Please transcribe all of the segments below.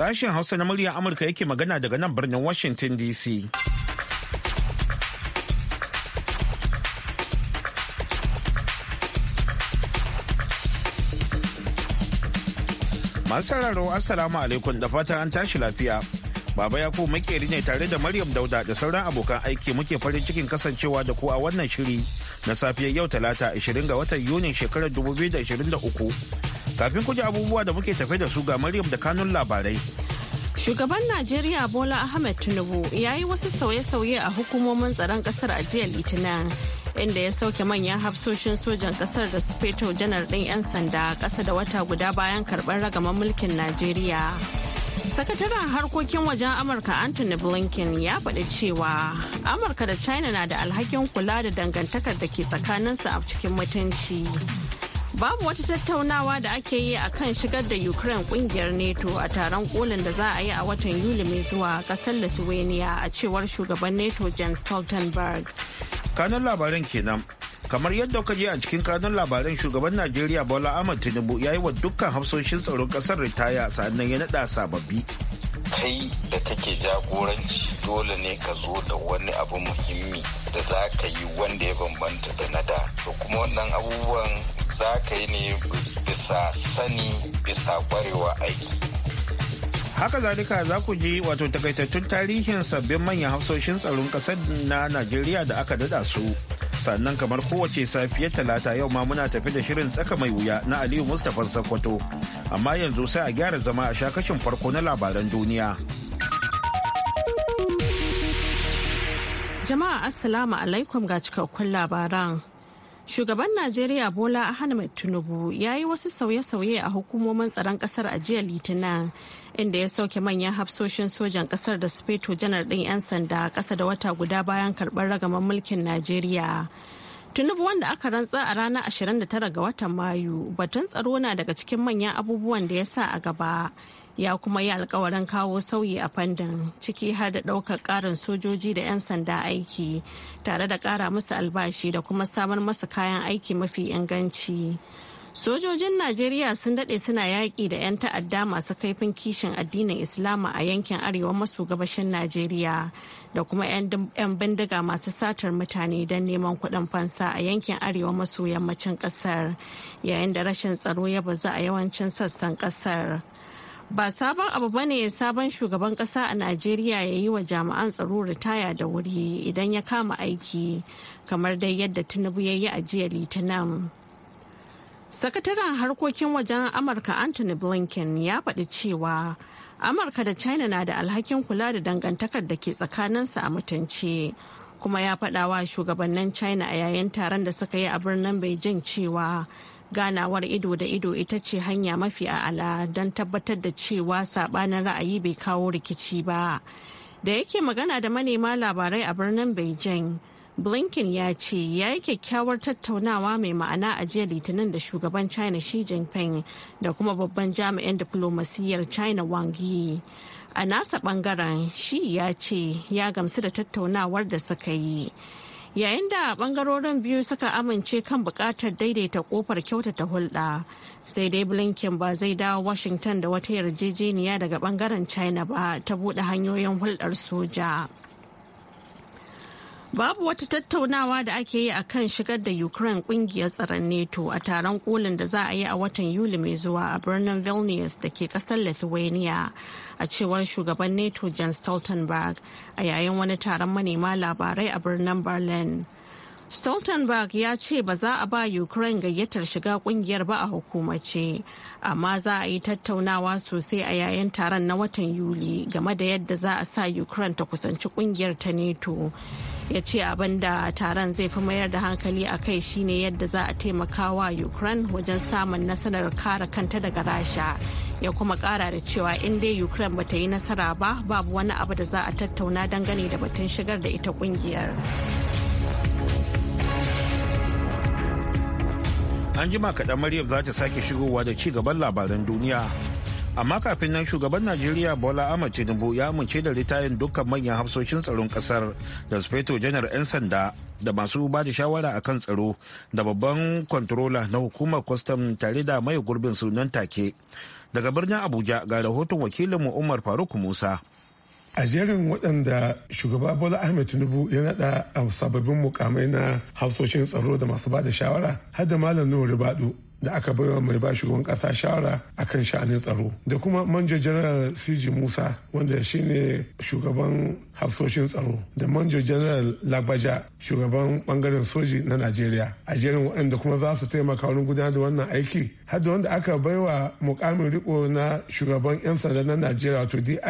Sashen Hausa na muryar Amurka yake magana daga nan birnin Washington DC. Masu sauraro Assalamu alaikum da fatan an tashi lafiya. Baba ya ku makeri ne tare da Maryam Dauda da sauran abokan aiki muke farin cikin kasancewa da ku a wannan shiri na safiyar yau talata 20 ga watan Yunin shekarar 2023. Kafin kuji abubuwa da muke tafe da su ga Maryam da kanun labarai. Shugaban Najeriya Bola Ahmed Tinubu ya yi wasu sauye-sauye a hukumomin tsaron kasar a jiya Litinin inda ya sauke manyan hafsoshin sojan kasar da su feto janar ɗin 'yan sanda ƙasa da wata guda bayan karɓar ragaman mulkin Najeriya. Sakataren harkokin wajen Amurka Anthony Blinken ya faɗi cewa Amurka da China na da alhakin kula da dangantakar da ke tsakaninsu a cikin mutunci. babu wata tattaunawa da ake yi a kan shigar da ukraine kungiyar nato a taron kolin da za a yi a watan yuli mai zuwa kasar lithuania a cewar shugaban nato james stoltenberg kanun labaran kenan kamar yadda kuka je a cikin kanun labaran shugaban najeriya bola ahmad tinubu ya yi wa dukkan hafsoshin tsaron kasar ritaya sannan ya naɗa sababbi kai da kake jagoranci dole ne ka zo da wani abu muhimmi da za ka yi wanda ya bambanta da na da kuma wannan abubuwan za ka yi ne bisa sani bisa kwarewa aiki haka zalika za ku ji wato takaitattun tarihin sabbin manyan hafsoshin tsaron ƙasar na najeriya da aka dada su sannan kamar kowace safiyar talata yau ma muna tafi da shirin tsaka mai wuya na aliyu mustapha sokoto amma yanzu sai a gyara zama a shakashin farko na labaran duniya jama'a assalamu alaikum ga cikakkun labaran Shugaban Najeriya Bola Ahmed Tinubu ya yi wasu sauye-sauye a hukumomin tsaron kasar a jiya Litinin inda ya sauke manyan hafsoshin sojan kasar da su Feto janar ɗin 'yan sanda ƙasa da wata guda bayan karɓar ragaman mulkin Najeriya. Tinubu wanda aka rantsa a ranar 29 ga watan Mayu batun tsaro na daga cikin manyan abubuwan da ya sa a gaba ya kuma yi alkawarin kawo sauyi a fandin ciki har da ɗaukar ƙarin sojoji da 'yan sanda aiki tare da ƙara musu albashi da kuma samar musu kayan aiki mafi inganci sojojin najeriya sun daɗe suna yaƙi da 'yan ta'adda masu kaifin kishin addinin islama a yankin arewa maso gabashin najeriya da kuma 'yan bindiga masu satar mutane don neman kuɗin fansa a yankin arewa maso yammacin ƙasar yayin da rashin tsaro ya bazu a yawancin sassan ƙasar ba sabon abu ba ne sabon shugaban kasa a najeriya ya yi wa jami'an tsaro ritaya da wuri idan ya kama aiki kamar dai yadda tinubu ya yi a jiya litinin sakataren harkokin wajen amurka anthony blinken ya faɗi cewa amurka da china na da alhakin kula da dangantakar da ke tsakaninsu a mutunci kuma ya faɗawa shugabannin china a yayin taron da suka yi a birnin beijing cewa ganawar ido da ido ita ce hanya mafi a'ala don tabbatar da cewa sabanin ra'ayi bai kawo rikici ba da yake magana da manema labarai a birnin beijing blinken ya ce ya yi kyakkyawar tattaunawa mai ma'ana a jiya litinin da shugaban china xi jinping da kuma babban jami'in diplomasiyyar china wang yi a nasa bangaren shi ya ce ya gamsu da tattaunawar da suka yi yayin da bangarorin biyu suka amince kan bukatar daidaita kofar kyautata hulɗa sai dai blinken ba zai dawo washington da wata yarjejeniya daga bangaren china ba ta buɗe hanyoyin hulɗar soja Babu wata tattaunawa da ake yi a kan shigar da Ukraine kungiyar tsaron NATO a taron kolin da za a yi a watan Yuli mai zuwa a birnin Vilnius da ke kasar Lithuania a cewar shugaban NATO Jens Stoltenberg a yayin wani taron manema labarai a birnin Berlin. Stoltenberg ya ce ba za a ba Ukraine gayyatar shiga kungiyar ba a hukumace, amma za a yi tattaunawa sosai a yayin taron na watan Yuli game da yadda za a sa Ukraine ta kusanci kungiyar ta NATO. Ya ce abin da taron zai fi mayar da hankali a kai shine yadda za a taimaka wa Ukraine wajen samun nasarar kare kanta daga Rasha. ya kuma kara da cewa in dai ukraine bata yi nasara ba babu wani abu da za a tattauna dangane da batun shigar da ita kungiyar an jima kaɗan maryam za ta sake shigowa da ci gaban labaran duniya amma kafin nan shugaban najeriya bola ahmad tinubu ya amince da ritayin dukkan manyan hafsoshin tsaron kasar da sufeto janar 'yan sanda da masu ba da shawara akan tsaro da babban kwantarola na hukumar kwastam tare da mai gurbin sunan take daga birnin abuja ga rahoton wakilinmu umar faruk musa a jerin waɗanda shugaba bola ahmed tinubu ya naɗa a sababbin mukamai na hausoshin tsaro da masu ba da shawara har da malam nuhu ribadu da aka baiwa mai ba shugaban kasa shawara a kan sha'anin tsaro da kuma manjo general siji musa wanda shine shugaban hafsoshin tsaro da manja general lagbaja shugaban bangaren soji na najeriya a jerin waɗanda kuma za su taimaka wani gudanar da wannan aiki har wanda aka bai wa mukamin riko na shugaban 'yan sanda na najeriya wato dig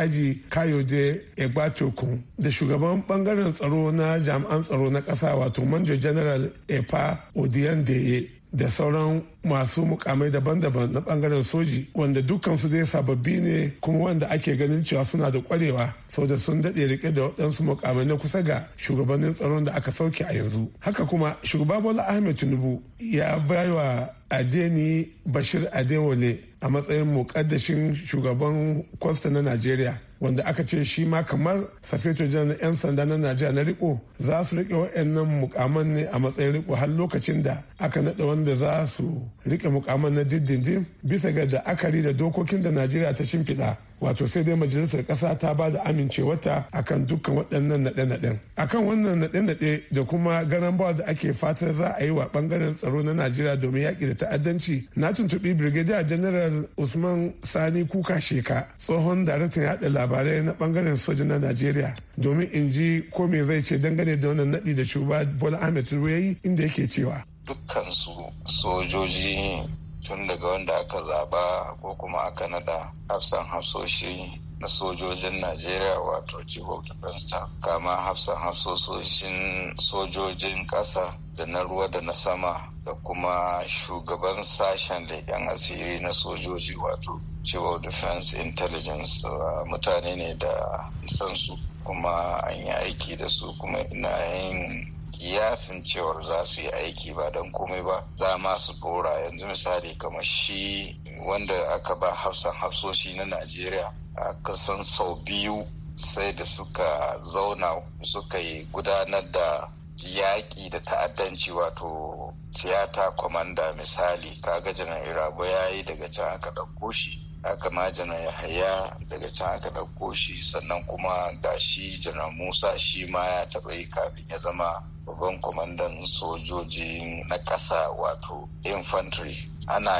kayode egbatokun da shugaban bangaren tsaro na jami'an tsaro na ƙasa wato manjo general epa odiyan da sauran masu mukamai daban-daban na bangaren soji wanda dukkansu dai sababbi ne kuma wanda ake ganin cewa suna da kwarewa sau da sun daɗe rike da waɗansu mukamai na kusa ga shugabannin tsaron da aka sauke a yanzu haka kuma shugaba bola ahmed tinubu ya baiwa adeni bashir adewale a matsayin muƙaddashin shugaban kwasta na najeriya wanda aka ce shi ma kamar safeto janar 'yan sanda na najeriya na riko za su rike wa'annan mukaman ne a matsayin riko har lokacin da aka naɗa wanda za su rike mukaman na diddindin bisa ga da akari da dokokin da najeriya ta shimfiɗa wato sai dai majalisar ƙasa ta ba da amincewarta akan dukkan waɗannan naɗe-naɗen akan wannan naɗe-naɗe da kuma ganan ba da ake fatar za a yi wa ɓangaren tsaro na najeriya domin yaƙi da ta'addanci na tuntuɓi brigadier general usman sani kuka sheka tsohon daraktan yaɗa labarai na ɓangaren soja na najeriya domin in ji ko me zai ce dangane da wannan naɗi da shugaba bola ahmed ruwayi inda yake cewa dukkan su sojoji tun daga wanda aka zaba ko kuma aka nada hafsan hafsoshi na sojojin najeriya wato chief of defense kama hafsan hafsoshin sojojin ƙasa da na ruwa da na sama da kuma shugaban sashen leƙen asiri na sojoji wato chief of defense intelligence ah, mutane ne da san su kuma an yi aiki da su kuma ina yin kiyasin cewar za su yi aiki ba don komai ba za ma su bora yanzu misali kamar shi wanda aka ba hafsan hafsoshi na najeriya a kasan sau biyu sai da suka zauna suka yi gudanar da yaƙi da ta'addanci wato tiyata kwamanda misali kaga janar irabo ya yi daga can aka ɗauko shi aka ma jana haya daga can aka ɗauko shi sannan kuma ga shi jana musa shi ma ya taɓa yi kafin ya zama babban kwamandan sojoji na ƙasa wato infantry ana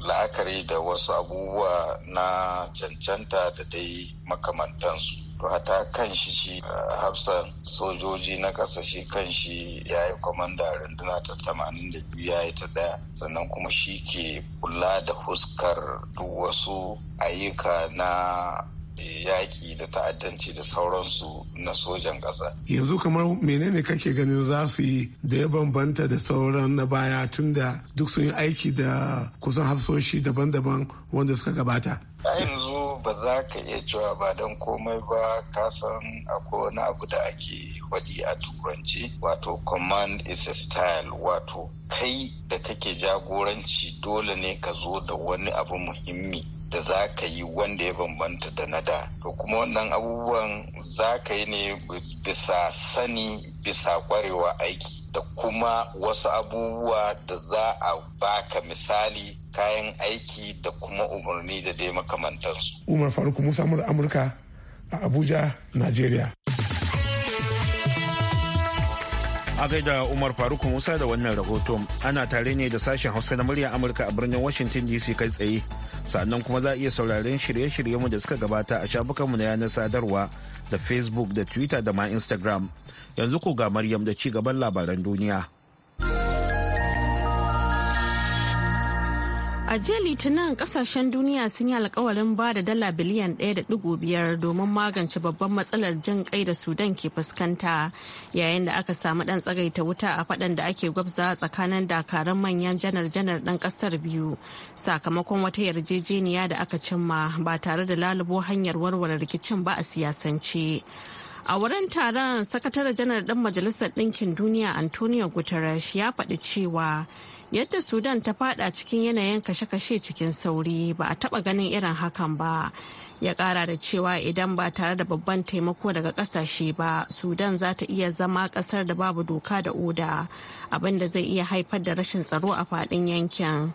la'akari da wasu abubuwa na cancanta da dai makamantansu to hata kan shi shi hafsan sojoji na ƙasa shi kan shi ya yi kwamanda runduna ta tamanin da biyu ya yi ta ɗaya sannan kuma shi ke kula da huskar duk wasu ayyuka na e, yaƙi da ta'addanci da sauransu na sojan ƙasa. Yanzu kamar menene kake ganin za su yi da ya bambanta da sauran na baya tun da duk sun yi aiki da kusan hafsoshi daban-daban wanda suka gabata. yanzu ba za ka iya cewa ba don komai ba ka san akwai wani abu da ake wadi a turanci wato command is a style wato kai da kake jagoranci dole ne ka zo da wani abu muhimmi da za ka yi wanda ya bambanta da na da to kuma wannan abubuwan za ka yi ne bisa sani bisa kwarewa aiki da kuma wasu abubuwa da za a baka misali kayan aiki da kuma umarni da dai makamantansu. Umar Faruk Musa Amurka a Abuja, Najeriya. a gaida umar faruk musa da wannan rahoto ana tare ne da sashen hausa na murya amurka a birnin washington dc kai tsaye sannan kuma za a iya sauraren shirye-shiryenmu da suka gabata a shafukanmu na yanar sadarwa da facebook da twitter da ma instagram yanzu ko ga maryam da ci gaban labaran duniya A jiya Litinin kasashen duniya sun yi alkawarin ba da dala biliyan 1.5 domin magance babban matsalar jin kai da Sudan ke fuskanta yayin da aka samu dan tsagaita wuta a fadan da ake gwabza tsakanin dakarun manyan janar-janar dan kasar biyu sakamakon wata yarjejeniya da aka cimma ba tare da lalubo hanyar warware rikicin ba a siyasance. A wurin taron sakatare janar dan Majalisar Ɗinkin Duniya Antonio Guterres ya faɗi cewa yadda sudan ta fada cikin yanayin kashe-kashe cikin sauri ba a taba ganin irin hakan ba ya kara da cewa idan ba tare da babban taimako daga kasashe ba sudan za ta iya zama kasar da babu doka da oda abinda zai iya haifar da rashin tsaro a fadin yankin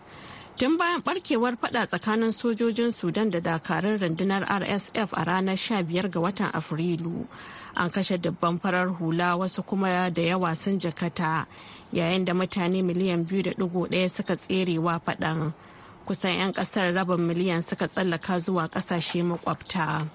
tun bayan barkewar fada tsakanin sojojin sudan da dakarun rundunar rsf a ranar 15 ga watan afrilu an kashe dubban farar hula wasu kuma da yawa sun jakata yayin da mutane miliyan biyu da 2.1 suka tserewa faɗan kusan 'yan ƙasar rabin miliyan suka tsallaka zuwa ƙasashe makwabta.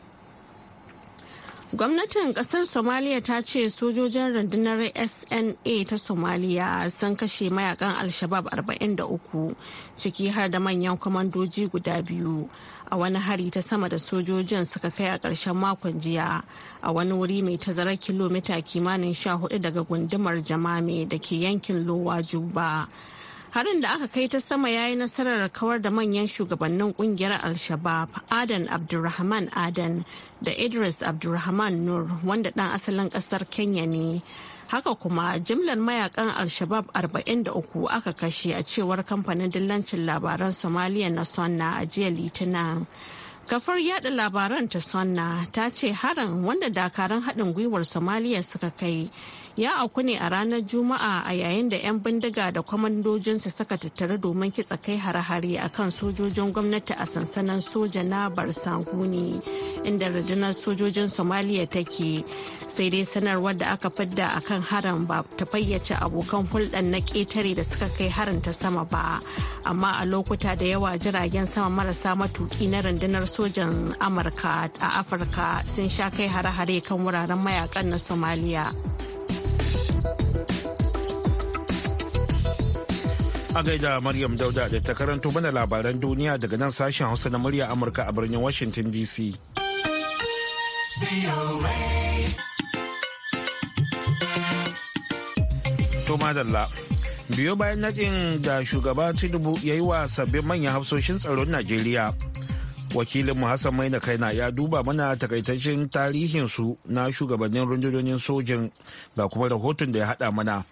Gwamnatin kasar somalia ta ce sojojin rundunar SNA ta somalia sun kashe mayakan Alshabab 43 ciki har da manyan kwamandoji guda biyu a wani hari ta sama da sojojin suka kai a ƙarshen makon jiya a wani wuri mai tazara kilomita kimanin 14 daga gundumar Jamame da ke yankin Lowa Juba. harin da aka kai ta sama ya yi nasarar kawar da manyan shugabannin kungiyar al shabaab adan abdulrahman adan da idris abdulrahman nur wanda dan asalin kasar kenya ne haka kuma jimlar mayakan al da 43 aka kashe a cewar kamfanin dillancin labaran somaliya na sonna a jiya litinin kafar yada labaran ta sonna ta ce harin wanda dakarun haɗin gwiwar somaliya suka kai ya auku ne a ranar Juma'a a yayin da 'yan bindiga da kwamandojinsu suka tattara domin kitsa kai hare-hare a kan sojojin gwamnati a sansanin soja na Barsanguni inda rundunar sojojin Somaliya take. Sai dai sanarwar da aka fidda a kan harin ba ta fayyace abokan hulɗar na ƙetare da suka kai harin ta sama ba. Amma a lokuta da yawa jiragen sama marasa matuƙi na rundunar sojan Amurka a Afirka sun sha kai hare-hare kan wuraren mayakan na Somaliya. A gaida Maryam Dauda da ta karanto mana labaran duniya daga nan sashen Hausa na murya Amurka a birnin Washington DC. To madalla. Biyo bayan naɗin da shugaba Tinubu ya yi wa sabbin manyan hafsoshin tsaron Najeriya. mu hassan maina kaina ya duba mana takaitaccen tarihinsu na shugabannin rundunonin sojin ga kuma rahoton da ya haɗa mana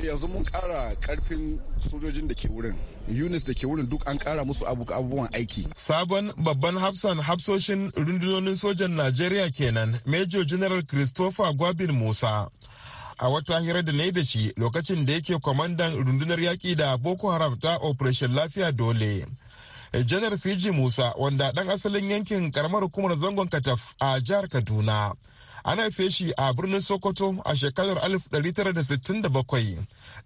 to yanzu mun kara karfin sojojin da ke wurin unis da ke wurin duk an kara musu abubuwan aiki sabon babban hafsan hafsoshin rundunonin sojan najeriya kenan major general christopher gwabin musa a wata hira da na yi da shi lokacin da yake kwamandan rundunar yaƙi da boko haram ta operation lafiya dole janar siji musa wanda dan asalin yankin karamar hukumar zangon kataf a jihar kaduna ana haife shi a birnin Sokoto a shekarar 1967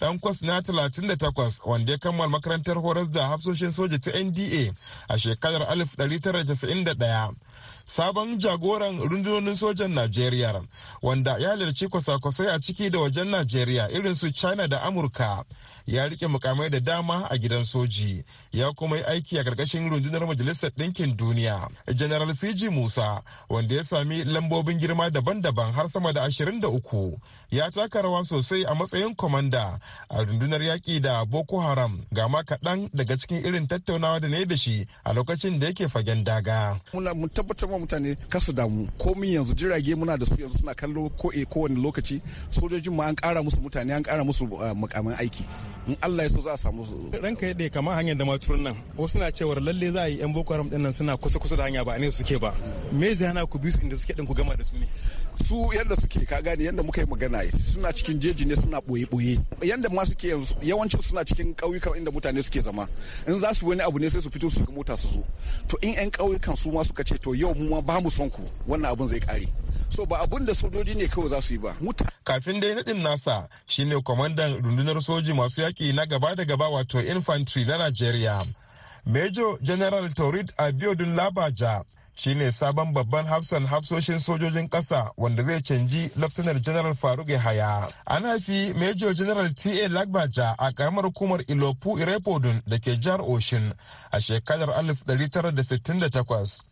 ɗan kwas na 38 wanda ya kammala makarantar horas da hafsoshin soja ta NDA a shekarar 1991. sabon jagoran rundunonin sojan Najeriya wanda ya halarci kwasa-kwasai a ciki da wajen Najeriya irin su China da Amurka ya rike mukamai da dama a gidan soji ya kuma yi aiki a karkashin rundunar majalisar ɗinkin duniya general cg musa wanda ya sami lambobin girma daban-daban har sama da 23 ya taka rawa sosai a matsayin kwamanda a rundunar yaƙi da boko haram ga ma kaɗan daga cikin irin tattaunawa da ne da shi a lokacin da yake fagen daga. muna mu tabbatar wa mutane kasu damu komin yanzu jirage muna da su yanzu suna kallo ko e kowane lokaci sojojin mu an ƙara musu mutane an ƙara musu eh, mukamin aiki in Allah ya so za a samu ranka ya kamar hanyar da maturin nan wasu na cewar lalle za a yi yan boko haram din nan suna kusa kusa da hanya ba ne suke ba me zai hana ku bi su inda suke din ku gama da su ne su yadda suke ka gane yadda muka yi magana suna cikin jeji ne suna boye boye yadda ma suke yanzu yawancin suna cikin ƙauyukan inda mutane suke zama in za su wani abu ne sai su fito su mota su zo to in yan ƙauyukan su ma suka ce to yau mu ma ba mu son ku wannan abun zai kare so ba abun da sojoji ne kawai za su yi ba kafin dai nadin nasa shine kwamandan rundunar soji masu yaki na gaba da gaba wato infantry na Najeriya Major General Taurid Abiodun Labaja shine sabon babban hafsan hafsoshin sojojin ƙasa wanda zai canji laftanar general faruk yahaya an haifi major general ta lagbaja a karamar hukumar ilopu irepodun da ke jihar oshin a shekarar 1968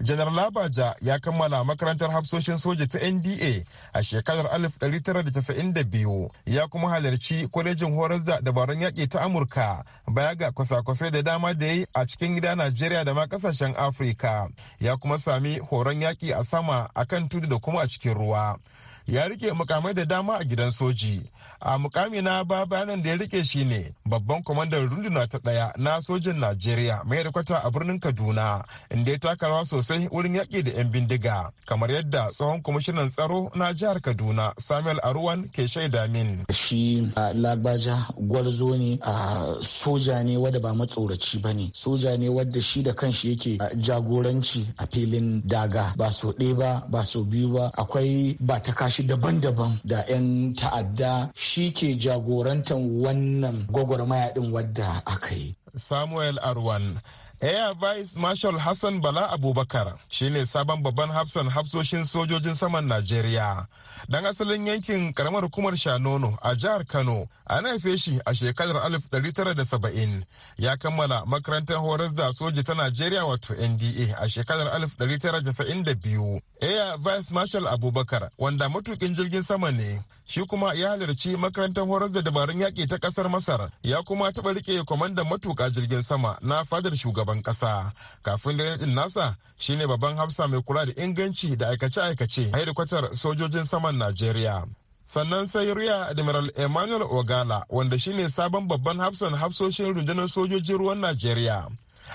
janar labaja ya kammala makarantar hafsoshin soja ta nda a shekarar 1992 ya kuma halarci kwalejin horar da dabarun yaƙi ta amurka baya ga kwasa-kwasai da dama da yi a cikin gida najeriya da ma ƙasashen afirka ya kuma sami horon yaƙi a sama a kan tudu da kuma a cikin ruwa ya rike mukamai da dama a gidan soji a mukami na ba bayanan da ya rike shi ne babban kwamandan runduna ta daya na sojin najeriya mai rikwata a birnin kaduna inda ya taka rawa sosai wurin yaƙi da 'yan bindiga kamar yadda tsohon kwamishinan tsaro na jihar kaduna samuel aruwan ke shaida min shi lagbaja gwarzo ne a soja ne wadda ba matsoraci ba ne soja ne wadda shi da kanshi yake jagoranci a filin daga ba so ɗaya ba ba so biyu ba akwai ba ta kashi daban-daban da 'yan ta'adda shi ke jagorantar wannan gwagwarmaya din wadda aka yi. Samuel Arwan Air Vice Marshal Hassan Bala Abubakar shine sabon babban hafsan hafsoshin sojojin saman Najeriya. Dan asalin yankin karamar hukumar Shanono a jihar Kano, na haife shi a shekarar 1970. Ya kammala makarantar horas da soji ta Najeriya wato NDA a shekarar 1992. Air Vice Marshal Abubakar wanda matukin jirgin sama ne, shi kuma ya halarci makarantar horar da dabarun yaƙi ta ƙasar masar ya kuma taɓa rike kwamandan matuƙa jirgin sama na fadar shugaban ƙasa kafin da yaɗin nasa shine babban hafsa mai kula da inganci da aikace-aikace a hedikwatar sojojin saman najeriya sannan sai riya admiral emmanuel ogala wanda shine sabon babban hafsan hafsoshin rundunar sojojin ruwan najeriya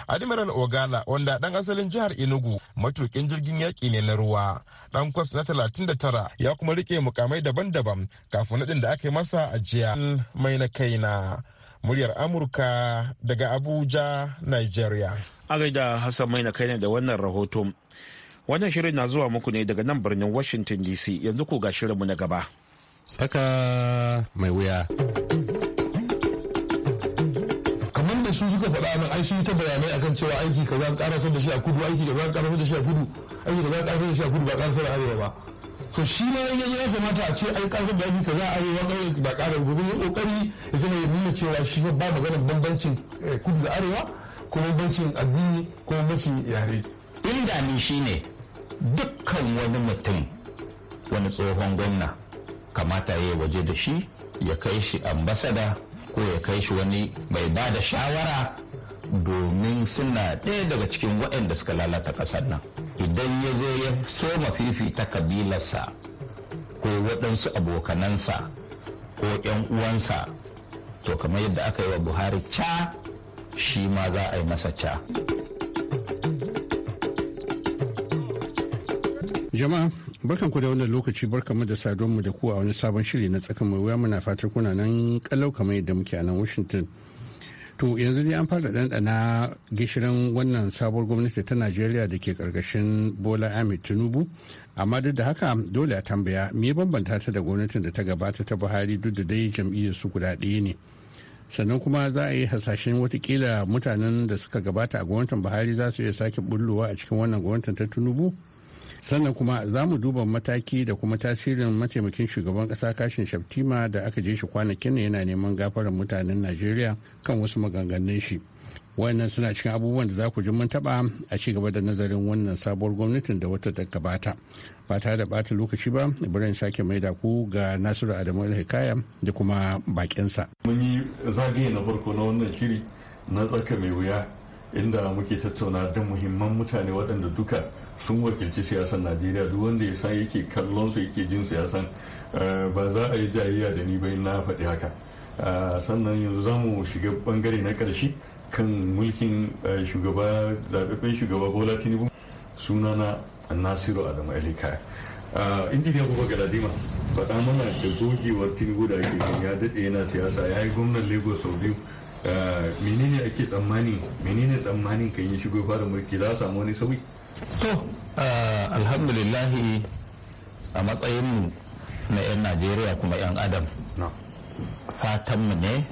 Admiral Ogala wanda dan asalin jihar Enugu matukin jirgin yaƙi ne na ruwa. Dan kwas na 39 ya kuma rike mukamai daban-daban kafin nadin da aka yi masa a jiya mai na kaina. Muryar Amurka daga Abuja, Nigeria. A gaida Hassan mai na kaina da wannan rahoto. Wannan shirin na zuwa muku ne daga nan birnin Washington DC yanzu ko ga shirinmu na gaba. Tsaka mai wuya. ai sun ta bayanai akan cewa aiki kaza an karasar da shi a kudu aiki kaza an karasar da shi a kudu aiki kaza an karasar da shi a kudu ba karasar da arewa ba so shi ne in ya kamata a ce ai karasar da aiki kaza a arewa kawai ba karar gobe ya kokari ya zama ya nuna cewa shi fa ba maganar bambancin eh, kudu da arewa ko bambancin addini ko bambancin yare inda ni ne dukkan wani mutum wani tsohon gwamna kamata ya yi waje da shi ya kai shi ambasada ko ya kai shi wani mai ba da shawara domin suna ɗaya daga cikin waɗanda suka lalata ƙasar nan idan ya zo ya soma fifita kabilarsa ko waɗansu abokanansa ko 'yan uwansa to kamar yadda aka yi wa buhari ca shi ma za a yi masa ca jama'a barkan ku da wannan lokaci barkan mu da saduwar mu da ku a wani sabon shiri na tsakan mai wuya muna fatar kuna nan kalau kamar yadda muke a nan washington to yanzu dai an fara ɗanɗana gishirin wannan sabuwar gwamnati ta najeriya da ke karkashin bola ahmed tinubu amma duk da haka dole a tambaya me bambanta ta da gwamnatin da ta gabata ta buhari duk da dai jam'iyyar su guda ɗaya ne sannan kuma za a yi hasashen watakila mutanen da suka gabata a gwamnatin buhari za su iya sake bullowa a cikin wannan gwamnatin ta tinubu sannan kuma za mu duba mataki da kuma tasirin mataimakin shugaban kasa kashin shaftima da aka je shi kwanakin yana neman gafarar mutanen najeriya kan wasu maganganun shi wannan suna cikin abubuwan da za ku ji mun taba a ci gaba da nazarin wannan sabuwar gwamnatin da wata ta gabata ba ta da bata lokaci ba ibrahim sake mai da ku ga nasiru adamu hikaya da kuma bakinsa mun yi zagaye na farko na wannan shiri na tsaka mai wuya inda muke tattauna da muhimman mutane waɗanda duka sun wakilci siyasar najeriya duk wanda ya san yake kallon su yake jin su ya san eh, ba za a yi jayayya da ni bai na faɗi haka eh, sannan yanzu za mu shiga bangare na ƙarshe kan mulkin eh, shugaba zaɓaɓɓen shugaba bola tinubu sunana nasiru adamu alika injiniya kuma galadima faɗa mana da gogewar tinubu da ake ya daɗe yana siyasa ya yi gwamnan lagos sau biyu Eh, menene ake tsammanin menene tsammanin kan yi shigo fara mulki za a samu wani sauyi to eh, alhamdulillahi a matsayin na 'yan najeriya kuma 'yan adam fatanmu ne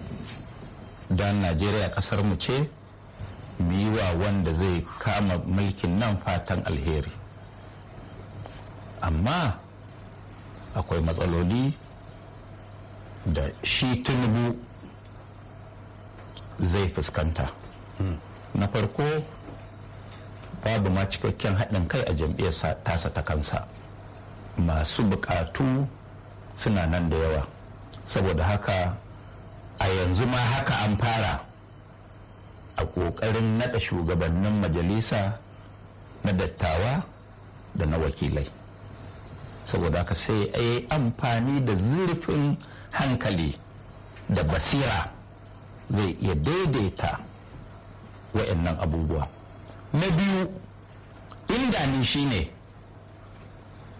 don najeriya kasar mu ce mu yi wa wanda zai kama mulkin nan fatan alheri amma akwai matsaloli da shi tunubu zai fuskanta na farko babu ma cikakken haɗin kai a jam'iyyar tasa ta kansa masu buƙatu suna nan da yawa saboda haka a yanzu ma haka an fara a ƙoƙarin naɗa shugabannin majalisa na dattawa da na wakilai saboda haka sai a yi amfani da zurfin hankali da basira zai iya daidaita wa'annan abubuwa na biyu inda ni shine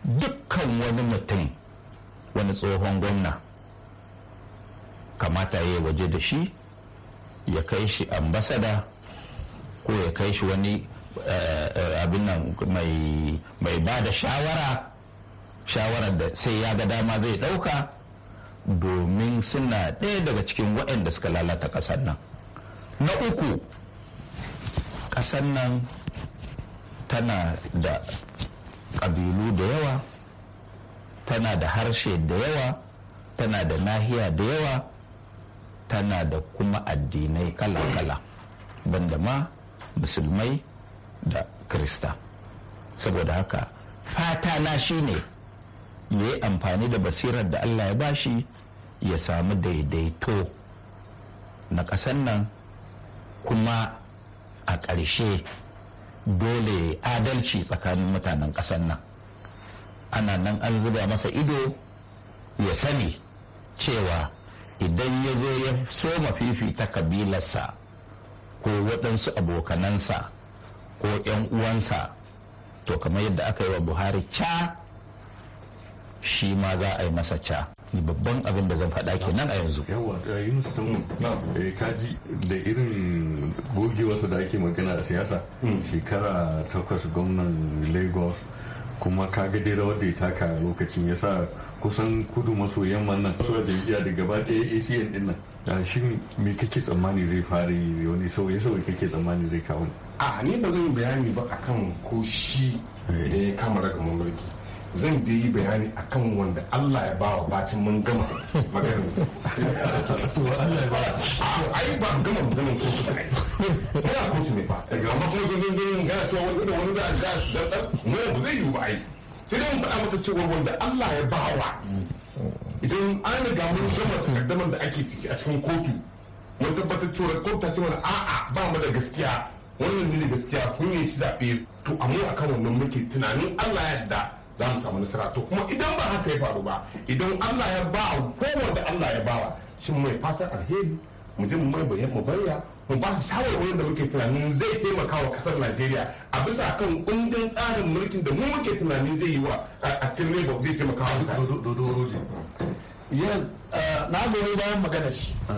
dukkan wani mutum wani tsohon gwamna kamata ya waje da shi ya kai shi ambasada ko ya kai shi wani eh, eh, abin nan mai ba da shawara shawarar da sai ya ga dama zai ɗauka domin suna ɗaya daga cikin waɗanda suka lalata ƙasar nan na uku ƙasar nan tana da ƙabilu da yawa tana da harshe da yawa tana da nahiya da yawa tana da kuma addinai kala-kala banda ma musulmai da krista saboda haka fata na shine ya yi amfani da basirar da allah ya bashi ya samu daidaito na ƙasan nan kuma a ƙarshe dole adalci tsakanin mutanen ƙasan nan ana nan an zuba masa ido ya sani cewa idan ya zo ya soma fifita kabilarsa ko waɗansu abokanansa ko 'yan uwansa to kamar yadda aka yi wa buhari ca shi ma za a yi masa ca babban abin da zan faɗa ke nan a yanzu yawa eh, yunus tamu eh, kaji da irin gogewarsa da ake magana a siyasa hmm. shekara takwas gwamnan lagos kuma ka ga rawar da ya taka lokacin ya sa kusan kudu maso yamma nan maso jam'iyya da gaba ɗaya acn din nan ah, shin me kake tsammani zai fara yi wani sauye sauye kake tsammani zai kawo a ah, ni ba zan bayani ba akan ko shi eh. da ya kama daga mulki zan da yi bayani a kan wanda Allah ya bawa bacin mun gama maganin to Allah ya ba ai ba gama maganin ko su kai muna kotu ne ba daga amma kuma zan zan gana cewa wani da wani da ga dan dan mun ba zai yi ba ai sai dai mun faɗa maka cewa wanda Allah ya bawa idan an gama mun gama takaddaman da ake ciki a cikin kotu mun tabbatar cewa kotu ta ce a a'a ba mu da gaskiya wannan ne gaskiya kun yi ci zaɓe to amma akan wannan muke tunanin Allah ya yarda za mu samu nasara to kuma idan ba haka ya faru ba idan Allah ya ba kowa da Allah ya bawa shi mai fatan alheri mu je mu mai bayan mu bayya mu ba su shawarwarin da muke tunanin zai taimaka wa kasar Najeriya a bisa kan kundin tsarin mulkin da mu muke tunanin zai yi wa a cikin Labour zai taimaka wa dodo uh, na gobe bayan magana shi ah.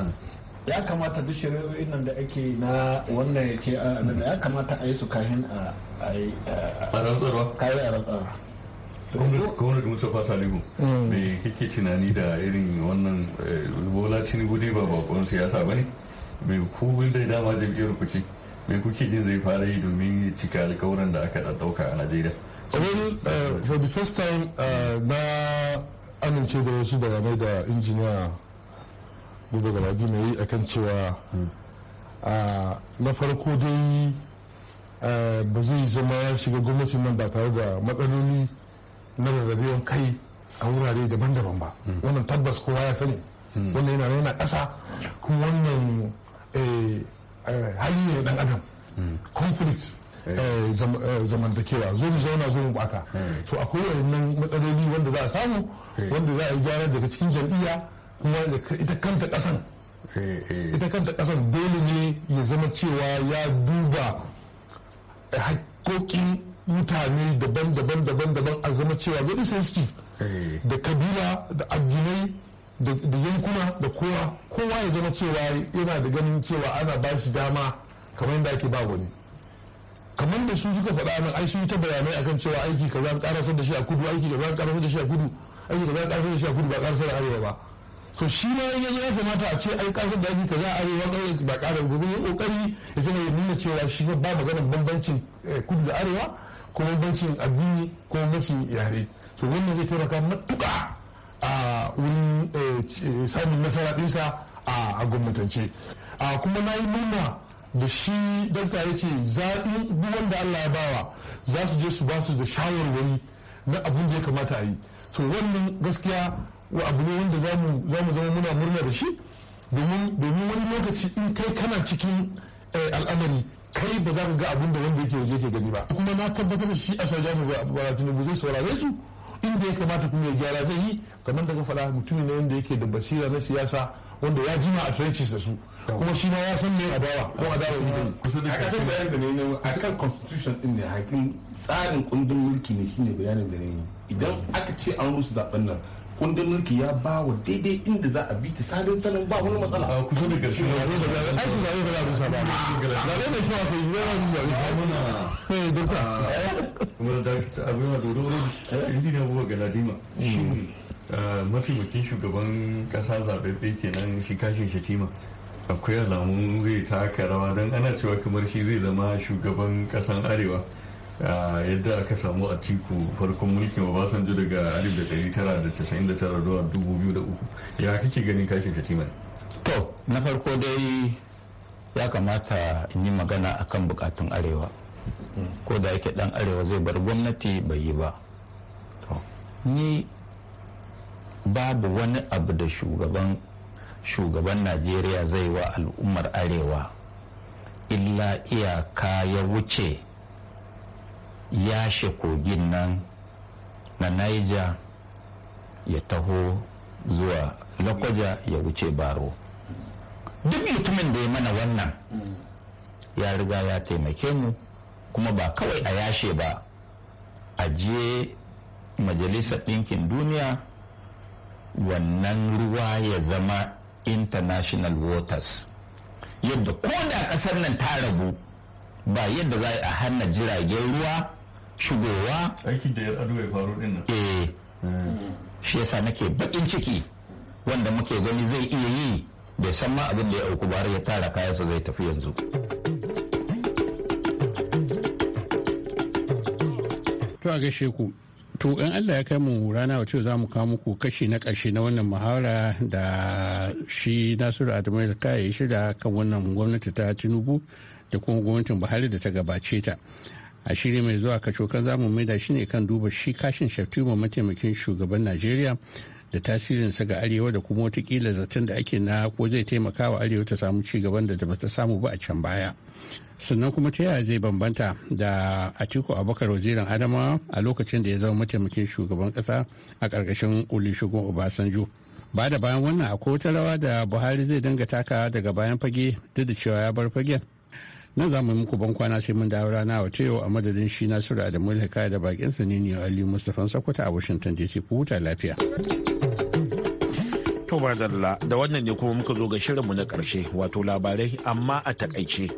ya kamata duk shari'o'in nan da ake na wannan ya ce ah, ya kamata a yi su kahin a yi a rantsarwa gwamnati mustapha salihu mm. me kike tunani da irin wannan eh, bola tinubu dai ba bakon siyasa ba ne mai kogin dai dama jam'iyyar ku ce me kuke jin zai fara yi domin cika alkawuran da aka ɗauka a najeriya well uh, for the first time uh, na amince da wasu da injiniya gobe gabagi mai a akan cewa mm. uh, na farko dai ba zai zama ya shiga gwamnatin nan ba tare da matsaloli na rarrabewan kai a wurare daban-daban ba hmm. wannan tabbas kowa ya sani hmm. wannan yana yana ƙasa kuma wannan eh, eh, hali ne dan adam hmm. conflict eh. zamantakewa zo mu zauna zo mu baka so akwai wannan matsaloli wanda za a samu wanda za a yi gyara daga cikin jam'iyya kuma ita kanta ƙasan ita kanta ƙasan dole ne ya zama cewa ya duba haƙƙoƙin mutane daban-daban daban-daban a zama cewa very sensitive eh. da kabila da addinai da yankuna da kowa kowa ya zama cewa yana da ganin cewa ana ba shi dama kamar yadda ake ba wani kamar da su suka faɗa nan ai shi ta bayanai akan cewa aiki kaza an karasar da shi a kudu aiki kaza an karasar da shi a kudu aiki kaza an karasar da shi a kudu ba karasar da arewa ba so shi ma ya kamata a ce ai kasar da ake kaza a yi wani ba ƙara gobe ya kokari ya zama ya nuna cewa shi fa ba maganar bambancin eh, kudu da arewa ko bancin addini ko bambancin yare to wannan zai taimaka matuka a wurin eh, samun nasara ɗinsa a gwamnatance a kuma na yi murna da shi dakta ya ce zaɗin duk da Allah ya bawa za su je su ba su da shawarwari na abin da ya kamata a yi to wannan gaskiya wa abu ne wanda za mu zama muna murna da shi domin wani lokaci in kai kana cikin eh, al'amari kai ba za ka ga abin da wanda yake waje ke gani ba kuma na tabbatar da shi a sajami ba ba tinubu zai saurare su inda ya kamata kuma ya gyara zai yi kamar daga fada mutumin ne wanda yake da basira na siyasa wanda ya jima a trenches da su kuma shi ma ya san me adawa ko adawa ne a kasan ne a kan constitution din ne hakin tsarin kundin mulki ne shine bayanin da ne idan aka ce an musu zaben nan kundin mulki ya ba wa daidai inda za a bi ta salin salin ba wani matsala. A ah, kusa da ƙarshe na wani zaɓe aiki zaɓe ba za a rusa ba. Zaɓe da kyau akwai yiwuwa ba su zaɓe. Amina. Eh dokta. Wani eh, da ta abin wa doro eh. eh, na Abubuwa Galadima. Hmm. Shi ne mataimakin shugaban ƙasa zaɓe kenan shi kashin shatima. Akwai alamun zai taka rawa don ana cewa kamar shi zai zama shugaban ƙasan Arewa. yadda aka samu a tiku farkon mulkin obasanjo daga 1999 zuwa 2003 ya kake ganin kashin shatima to na farko dai ya kamata in yi magana a kan bukatun arewa ko da yake dan arewa zai bar gwamnati bai yi ba ni babu wani abu da shugaban shugaban najeriya zai wa al'ummar arewa illa iyaka ya wuce yashe kogin nan na niger ya taho zuwa lakwaja ya wuce baro duk mutumin da ya mana wannan ya riga ya taimake mu kuma ba kawai a yashe ba a je majalisar ɗinkin duniya wannan ruwa ya zama international waters yadda ko da ƙasar nan ta rabu ba yadda za a hana jiragen ruwa shigowa aikin da ya ado ya faru din nan eh hmm. shi yasa nake bakin ciki wanda muke gani zai iya yi bai san ma abin da ya auku ba ya tara kayansa zai tafi yanzu to a gaishe ku to in allah ya kai mu rana wace za mu kawo muku kashi na karshe na wannan muhawara da shi nasiru adamu da shi da kan wannan gwamnati ta tinubu da kuma gwamnatin buhari da ta gabace ta a shiri mai zuwa kacokan zamu maida shi ne kan duba shi kashin shaftima mataimakin shugaban najeriya da tasirinsa ga arewa da kuma watakila zaton da ake na ko zai taimaka wa arewa ta samu ci gaban da ba ta samu ba a can baya sannan kuma ta yaya zai bambanta da atiku abubakar wazirin adama a lokacin da ya zama mataimakin shugaban kasa a karkashin ƙarƙashin olusegun obasanjo ba da bayan wannan akwai wata rawa da buhari zai dinga taka daga bayan fage duk da cewa ya bar fagen nan za mu yi muku bankwana sai mun dawo rana wa yau a madadin shi nasiru adamu hikaya da sa ne ne ali mustapha sakwata a washington dc ku huta lafiya to da wannan ne kuma muka zo ga shirinmu na karshe wato labarai amma a takaice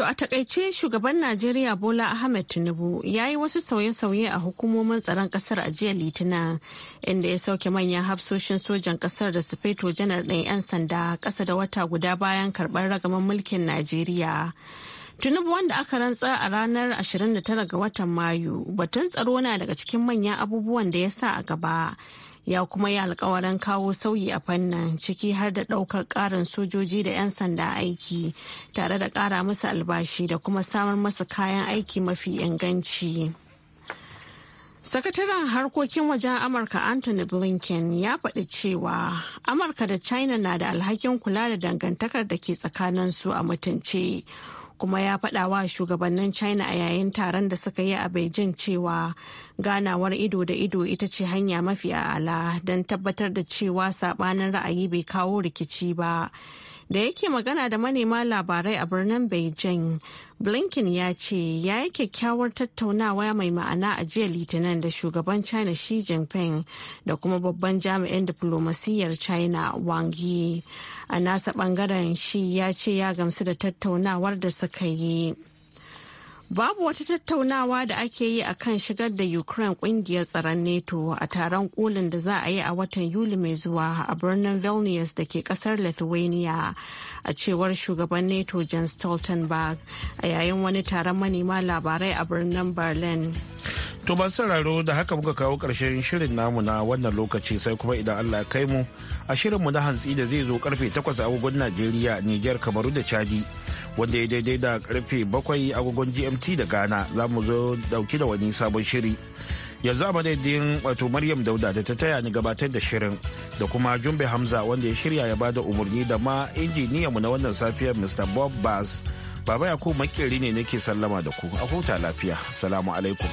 To a takaice shugaban Najeriya Bola Ahmed Tinubu ya yi wasu sauye-sauye a hukumomin tsaron kasar a jiya Litinin inda ya sauke manyan hafsoshin sojan kasar da su Feto janar ɗin 'yan sanda ƙasa da wata guda bayan karɓar ragaman mulkin Najeriya. Tinubu wanda aka rantsa a ranar 29 ga watan Mayu batun tsaro na daga cikin manyan abubuwan da ya sa a gaba ya kuma yi alkawarin kawo sauyi a fannin ciki har da ɗaukar ƙarin sojoji da 'yan sanda aiki tare da ƙara musu albashi da kuma samar musu kayan aiki mafi inganci. Sakataren harkokin wajen Amurka Anthony Blinken ya faɗi cewa Amurka da China na da alhakin kula da dangantakar da ke tsakaninsu a mutunce. kuma ya faɗa wa shugabannin china a yayin taron da suka yi a beijing cewa ganawar ido da ido ita ce hanya mafi a'ala don tabbatar da cewa saɓanin ra'ayi bai kawo rikici ba da yake magana da manema labarai a birnin beijing blinken ya ce ya yi kyakkyawar tattaunawa mai ma'ana a jiya litinin da shugaban china xi jinping da kuma babban jami'in diplomasiyyar china wang yi a nasa bangaren shi ya ce ya gamsu da tattaunawar da suka yi Babu wata tattaunawa da ake yi a kan shigar da Ukraine kungiyar tsaron NATO a taron kolin da za a yi a watan Yuli mai zuwa a birnin Vilnius da ke kasar Lithuania a cewar shugaban NATO Jens Stoltenberg a yayin wani taron manema labarai a birnin Berlin. To ba sauraro da haka muka kawo ƙarshen shirin namu na wannan lokaci sai kuma idan Allah kai mu a mu na hantsi da zai zo karfe 8 agogon Najeriya, niger Kamaru da Chadi. wanda ya daidai da karfe bakwai agogon gmt da ghana za mu zo dauki da wani sabon shiri yanzu a madadin wato maryam dauda da ta taya ni gabatar da shirin da kuma jumbe hamza wanda ya shirya ya bada umarni da ma injiniyanmu na wannan safiyar mr bob bass baba yakubu makeri ne nake sallama da ku a huta lafiya salamu alaikum